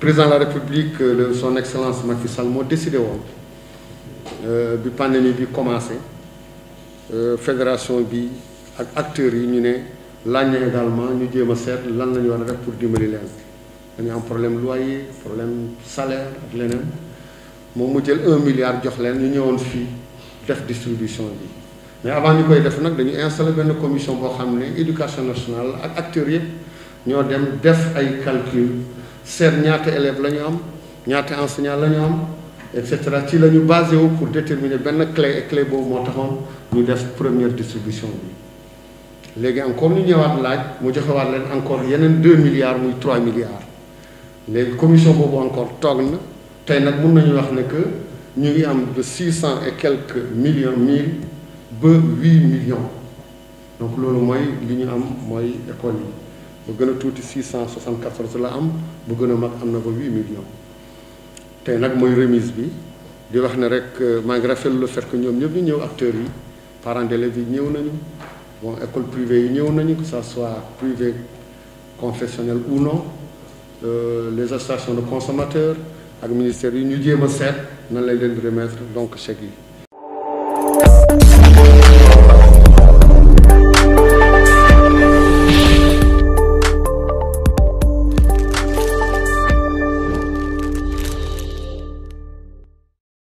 président de la république euh, son excellence Mathieu Salmo a décidé de euh, la pandémie bi commencé euh, fédération bi ak acteurs yi ñu nous également ñu pour diminuer les lan la ñu a un pour problème loyer problème salaire ak avons moom 1 milliard de dollars, ñu avons fait def distribution mais avant de faire def nag dañu installé une commission pour l'éducation nationale ak acteurs nous ñoo fait def calcul ser ñaata élèves les am ñaata enseignants lañu am et cetera pour déterminer benn clé et clé boobu moo taxoon ñu def première distribution bi léegi encore ñu encore 2 milliards ou 3 milliards léegi commission boobu encore toog na tey nag mun nañu wax ne ñu de 600 et quelques millions mille 8 millions donc loolu mooy li école bu a 674 am 8 millions remise bi di rek euh, le fait que acteurs yi parents d'élèves ñëw nañu bon école privée que soit privé confessionnel ou non euh, les associations de consommateurs ak ministère donc